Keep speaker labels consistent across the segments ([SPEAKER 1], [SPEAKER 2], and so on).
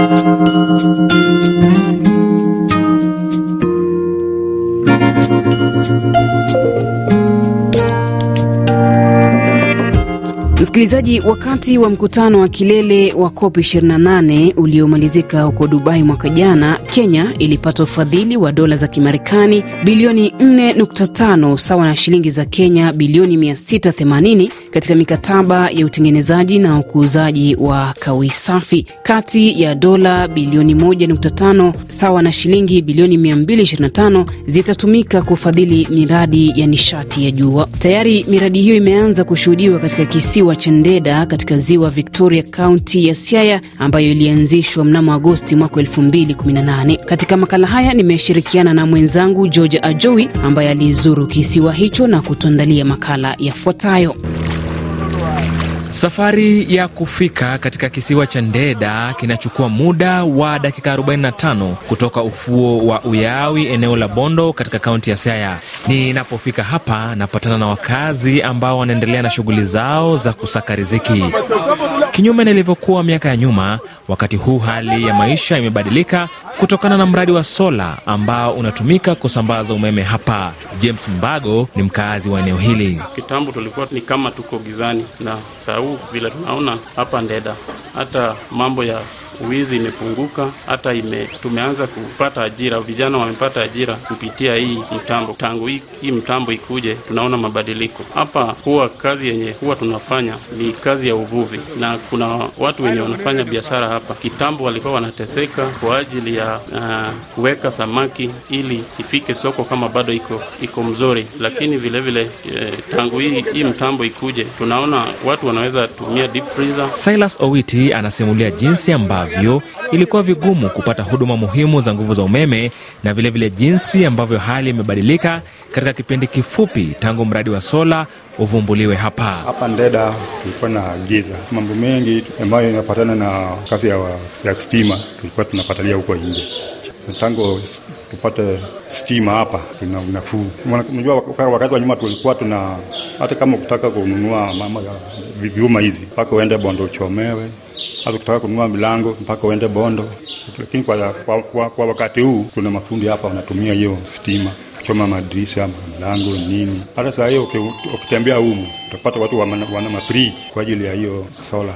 [SPEAKER 1] you. Msikilizaji, wakati wa mkutano wa kilele wa COP 28 uliomalizika huko Dubai mwaka jana, Kenya ilipata ufadhili wa dola za Kimarekani bilioni 4.5 sawa na shilingi za Kenya bilioni 680 katika mikataba ya utengenezaji na ukuuzaji wa kawi safi, kati ya dola bilioni 1.5 sawa na shilingi bilioni 225 zitatumika kufadhili miradi ya nishati ya jua. Tayari miradi hiyo imeanza kushuhudiwa katika kisiwa cha Chendeda katika ziwa Victoria, kaunti ya Siaya, ambayo ilianzishwa mnamo Agosti mwaka 2018. Katika makala haya nimeshirikiana na mwenzangu George Ajowi ambaye alizuru kisiwa hicho na kutuandalia makala yafuatayo.
[SPEAKER 2] Safari ya kufika katika kisiwa cha Ndeda kinachukua muda wa dakika 45 kutoka ufuo wa Uyawi, eneo la Bondo katika kaunti ya Siaya. Ninapofika hapa, napatana na wakazi ambao wanaendelea na shughuli zao za kusaka riziki. Kinyume nilivyokuwa miaka ya nyuma, wakati huu hali ya maisha imebadilika kutokana na mradi wa sola ambao unatumika kusambaza umeme hapa. James Mbago ni mkaazi wa eneo hili.
[SPEAKER 3] Kitambo tulikuwa ni kama tuko gizani na sau huu vile tunaona hapa Ndeda, hata mambo ya wizi imepunguka, hata ime, tumeanza kupata ajira, vijana wamepata ajira kupitia hii mtambo. Tangu hii, hii mtambo ikuje, tunaona mabadiliko hapa. Huwa kazi yenye huwa tunafanya ni kazi ya uvuvi, na kuna watu wenye wanafanya biashara hapa. Kitambo walikuwa wanateseka kwa ajili ya uh, kuweka samaki ili ifike soko kama bado iko iko mzuri, lakini vilevile vile, eh, tangu hii, hii mtambo ikuje, tunaona watu wanaweza tumia deep freezer.
[SPEAKER 2] Silas Owiti anasimulia jinsi ambavyo ambavyo ilikuwa vigumu kupata huduma muhimu za nguvu za umeme na vilevile vile jinsi ambavyo hali imebadilika katika kipindi kifupi tangu mradi wa sola uvumbuliwe hapa.
[SPEAKER 4] Hapa Ndeda tulikuwa na giza, mambo mengi ambayo inapatana na kazi ya, ya stima tulikuwa tunapatalia huko nje tangu tupate stima hapa tuna unafuu Unajua, wakati wa nyuma tulikuwa tuna hata kama kutaka kununua mama ya vyuma hizi mpaka uende Bondo uchomewe. Hata ukitaka kununua milango mpaka uende Bondo. Lakini kwa, kwa, kwa, kwa wakati huu tuna mafundi hapa wanatumia hiyo stima kuchoma madirisha, milango, nini. Hata saa hiyo ukitembea humu utapata watu wana mafriji kwa ajili ya hiyo sola.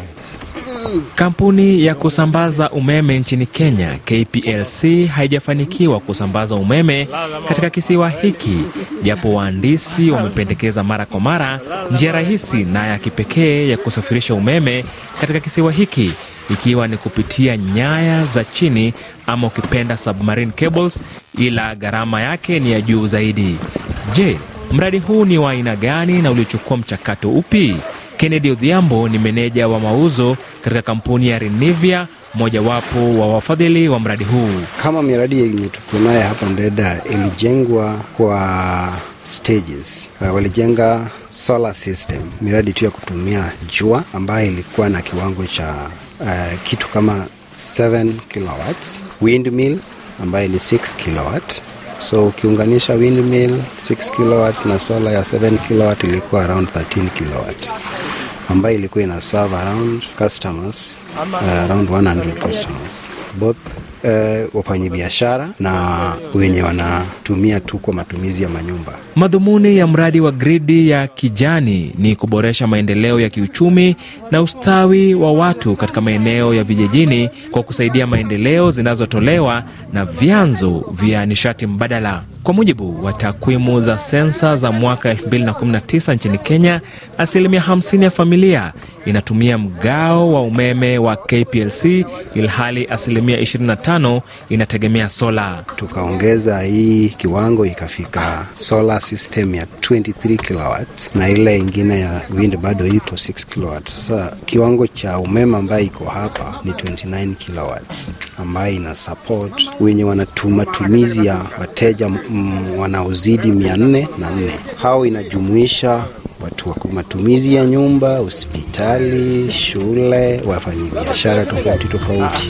[SPEAKER 2] Kampuni ya kusambaza umeme nchini Kenya KPLC haijafanikiwa kusambaza umeme katika kisiwa hiki, japo wahandisi wamependekeza mara kwa mara njia rahisi na ya kipekee ya kusafirisha umeme katika kisiwa hiki, ikiwa ni kupitia nyaya za chini ama ukipenda submarine cables, ila gharama yake ni ya juu zaidi. Je, mradi huu ni wa aina gani na uliochukua mchakato upi? Kennedy Odhiambo ni meneja wa mauzo katika kampuni ya Renivia, mojawapo wa wafadhili wa mradi huu.
[SPEAKER 3] Kama miradi yenye tuko naye hapa Ndeda ilijengwa kwa stages. Uh, walijenga solar system, miradi tu ya kutumia jua ambayo ilikuwa na kiwango cha uh, kitu kama 7 kilowatts, windmill ambayo ni 6 kilowatt so ukiunganisha windmill 6 kilowatt na sola ya 7 kilowatt ilikuwa around 13 kilowatt ambayo ilikuwa ina serve around customers, uh, around 100 customers both Uh, biashara na wenye wanatumia tu kwa matumizi ya manyumba.
[SPEAKER 2] Madhumuni ya mradi wa gridi ya kijani ni kuboresha maendeleo ya kiuchumi na ustawi wa watu katika maeneo ya vijijini kwa kusaidia maendeleo zinazotolewa na vyanzo vya nishati mbadala. Kwa mujibu wa takwimu za sensa za mwaka 2019 nchini Kenya, asilimia 50 ya familia inatumia mgao wa umeme wa KPLC ilhali asilimia 25 inategemea sola.
[SPEAKER 3] Tukaongeza hii kiwango ikafika solar system ya 23 kW na ile ingine ya wind bado iko 6 kW. Sasa kiwango cha umeme ambayo iko hapa ni 29 kW ambayo ina support wenye wanatuma ya wateja Mm, wanaozidi mia nne na nne. Hao inajumuisha watu wa matumizi ya nyumba, hospitali, shule, biashara tofauti tofauti.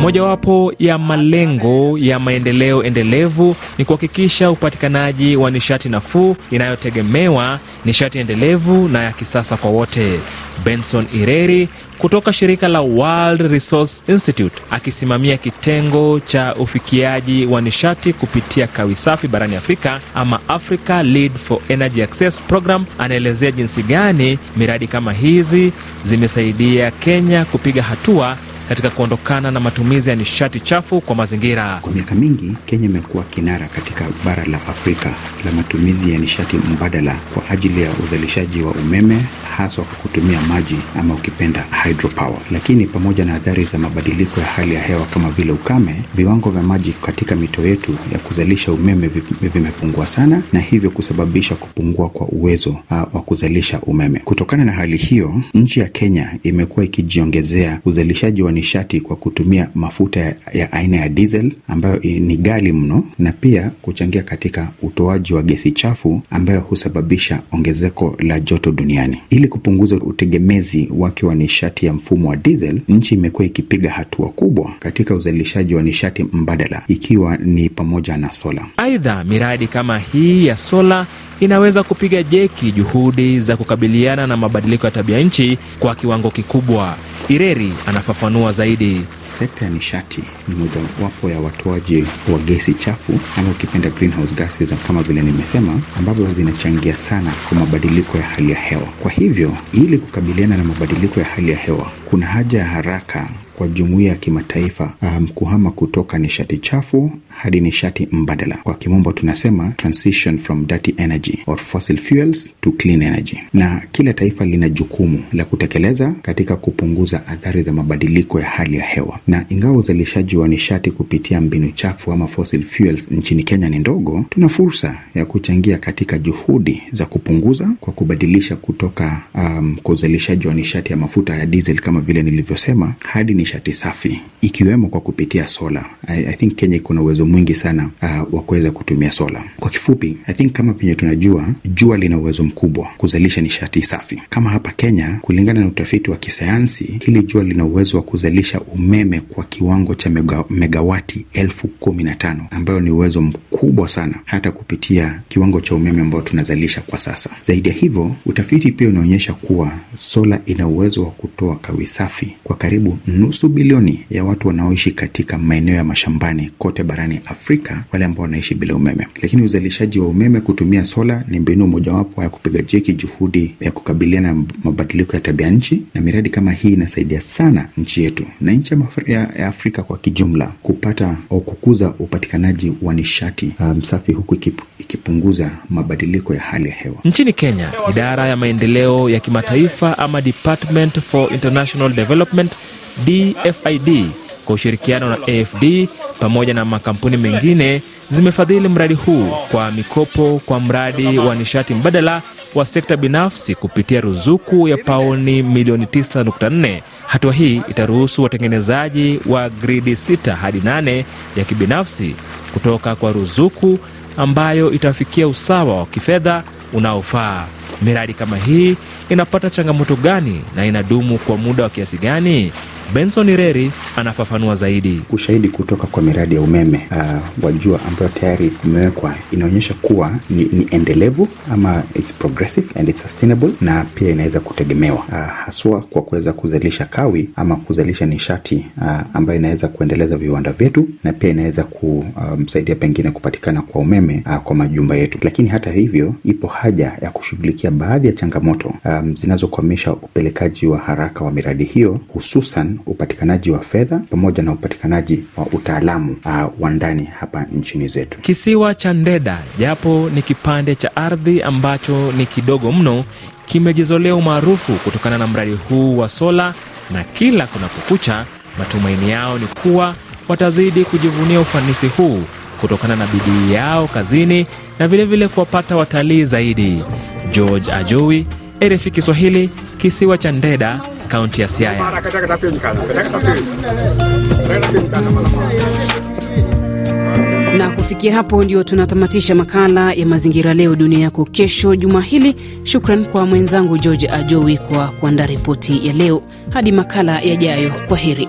[SPEAKER 2] Mojawapo ya malengo ya maendeleo endelevu ni kuhakikisha upatikanaji wa nishati nafuu inayotegemewa, nishati endelevu na ya kisasa kwa wote. Benson Ireri kutoka shirika la World Resource Institute akisimamia kitengo cha ufikiaji wa nishati kupitia kawi safi barani Afrika ama Africa Lead for Energy Access Program, anaelezea jinsi gani miradi kama hizi zimesaidia Kenya kupiga hatua katika kuondokana na matumizi ya nishati chafu kwa mazingira. Kwa
[SPEAKER 4] miaka mingi, Kenya imekuwa kinara katika bara la Afrika la matumizi ya nishati mbadala kwa ajili ya uzalishaji wa umeme, haswa kwa kutumia maji ama ukipenda hydropower. Lakini pamoja na athari za mabadiliko ya hali ya hewa kama vile ukame, viwango vya maji katika mito yetu ya kuzalisha umeme vimepungua sana, na hivyo kusababisha kupungua kwa uwezo wa kuzalisha umeme. Kutokana na hali hiyo, nchi ya Kenya imekuwa ikijiongezea uzalishaji wa nishati kwa kutumia mafuta ya, ya aina ya diesel ambayo ni gali mno na pia kuchangia katika utoaji wa gesi chafu ambayo husababisha ongezeko la joto duniani. Ili kupunguza utegemezi wake wa nishati ya mfumo wa diesel, nchi imekuwa ikipiga hatua kubwa katika uzalishaji wa nishati mbadala ikiwa ni pamoja na sola.
[SPEAKER 2] Aidha, miradi kama hii ya sola inaweza kupiga jeki juhudi za kukabiliana na mabadiliko ya tabia nchi kwa kiwango kikubwa. Ireri anafafanua zaidi. Sekta ya nishati ni mojawapo
[SPEAKER 4] ya watoaji wa gesi chafu ama ukipenda greenhouse gases, kama vile nimesema, ambavyo zinachangia sana kwa mabadiliko ya hali ya hewa. Kwa hivyo ili kukabiliana na mabadiliko ya hali ya hewa kuna haja ya haraka kwa jumuiya ya kimataifa um, ah, kuhama kutoka nishati chafu hadi nishati mbadala. Kwa kimombo tunasema transition from dirty energy or fossil fuels to clean energy, na kila taifa lina jukumu la kutekeleza katika kupunguza athari za mabadiliko ya hali ya hewa. Na ingawa uzalishaji wa nishati kupitia mbinu chafu ama fossil fuels nchini Kenya ni ndogo, tuna fursa ya kuchangia katika juhudi za kupunguza kwa kubadilisha kutoka um, kwa uzalishaji wa nishati ya mafuta ya diesel kama vile nilivyosema, hadi nishati safi, ikiwemo kwa kupitia sola. I, I think Kenya iko na uwezo mwingi sana uh, wa kuweza kutumia sola. Kwa kifupi, I think kama penye tunajua, jua lina uwezo mkubwa kuzalisha nishati safi. Kama hapa Kenya, kulingana na utafiti wa kisayansi, hili jua lina uwezo wa kuzalisha umeme kwa kiwango cha mega, megawati elfu kumi na tano ambayo ni uwezo mkubwa sana, hata kupitia kiwango cha umeme ambao tunazalisha kwa sasa. Zaidi ya hivyo, utafiti pia unaonyesha kuwa sola ina uwezo wa kutoa kawisi safi kwa karibu nusu bilioni ya watu wanaoishi katika maeneo ya mashambani kote barani Afrika, wale ambao wanaishi bila umeme. Lakini uzalishaji wa umeme kutumia sola ni mbinu mojawapo ya kupiga jeki juhudi ya kukabiliana na mabadiliko ya tabia nchi, na miradi kama hii inasaidia sana nchi yetu na nchi ya Afrika kwa kijumla kupata au kukuza upatikanaji wa nishati msafi um, huku ikipu, ikipunguza mabadiliko
[SPEAKER 2] ya hali ya hewa. Nchini Kenya, idara ya maendeleo ya kimataifa ama Department for International National Development DFID kwa ushirikiano na AFD pamoja na makampuni mengine zimefadhili mradi huu kwa mikopo kwa mradi wa nishati mbadala wa sekta binafsi kupitia ruzuku ya paoni milioni 9.4. Hatua hii itaruhusu watengenezaji wa gridi sita hadi nane ya kibinafsi kutoka kwa ruzuku ambayo itafikia usawa wa kifedha unaofaa. Miradi kama hii inapata changamoto gani na inadumu kwa muda wa kiasi gani? Benson Reri anafafanua zaidi.
[SPEAKER 4] Ushahidi kutoka kwa miradi ya umeme uh, wa jua ambayo tayari imewekwa inaonyesha kuwa ni, ni endelevu ama it's progressive and it's sustainable, na pia inaweza kutegemewa uh, haswa kwa kuweza kuzalisha kawi ama kuzalisha nishati uh, ambayo inaweza kuendeleza viwanda vyetu na pia inaweza kumsaidia um, pengine kupatikana kwa umeme uh, kwa majumba yetu. Lakini hata hivyo, ipo haja ya kushughulikia baadhi ya changamoto um, zinazokwamisha upelekaji wa haraka wa miradi hiyo hususan upatikanaji wa fedha pamoja na upatikanaji wa utaalamu uh, wa ndani hapa nchini zetu.
[SPEAKER 2] Kisiwa cha Ndeda, japo ni kipande cha ardhi ambacho ni kidogo mno, kimejizolea umaarufu kutokana na mradi huu wa sola, na kila kunapokucha, matumaini yao ni kuwa watazidi kujivunia ufanisi huu kutokana na bidii yao kazini na vilevile kuwapata watalii zaidi. George Ajowi, RFI Kiswahili, kisiwa cha Ndeda, kaunti ya Siaya.
[SPEAKER 1] Na kufikia hapo ndio tunatamatisha makala ya mazingira leo dunia yako kesho juma hili. Shukran kwa mwenzangu George Ajowi kwa kuandaa ripoti ya leo. Hadi makala yajayo, kwa heri.